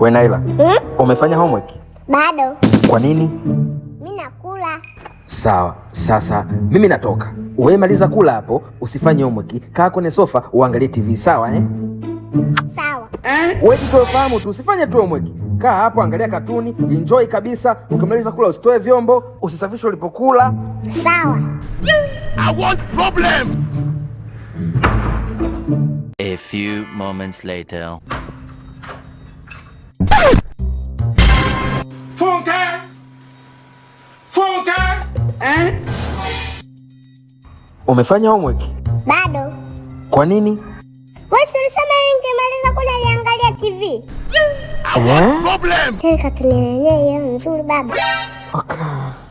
We Naila, hmm? Umefanya homework? Bado. Kwa nini? Mimi nakula. Sawa, sasa mimi natoka. Wewe maliza kula hapo, usifanye homework. Kaa kwenye sofa uangalie TV, sawa eh? Sawa. Eh? Wewe jitoe fahamu tu, usifanye tu homework. Kaa hapo angalia katuni, enjoy kabisa. Ukimaliza kula usitoe vyombo, usisafishe ulipokula. Sawa. I want problem. A few moments later. Funka! Eh? Umefanya homework? Bado. Kwa nini? Wewe ulisema ningemaliza kule niangalia TV. Problem. Tena katuni yenyewe nzuri baba. Okay.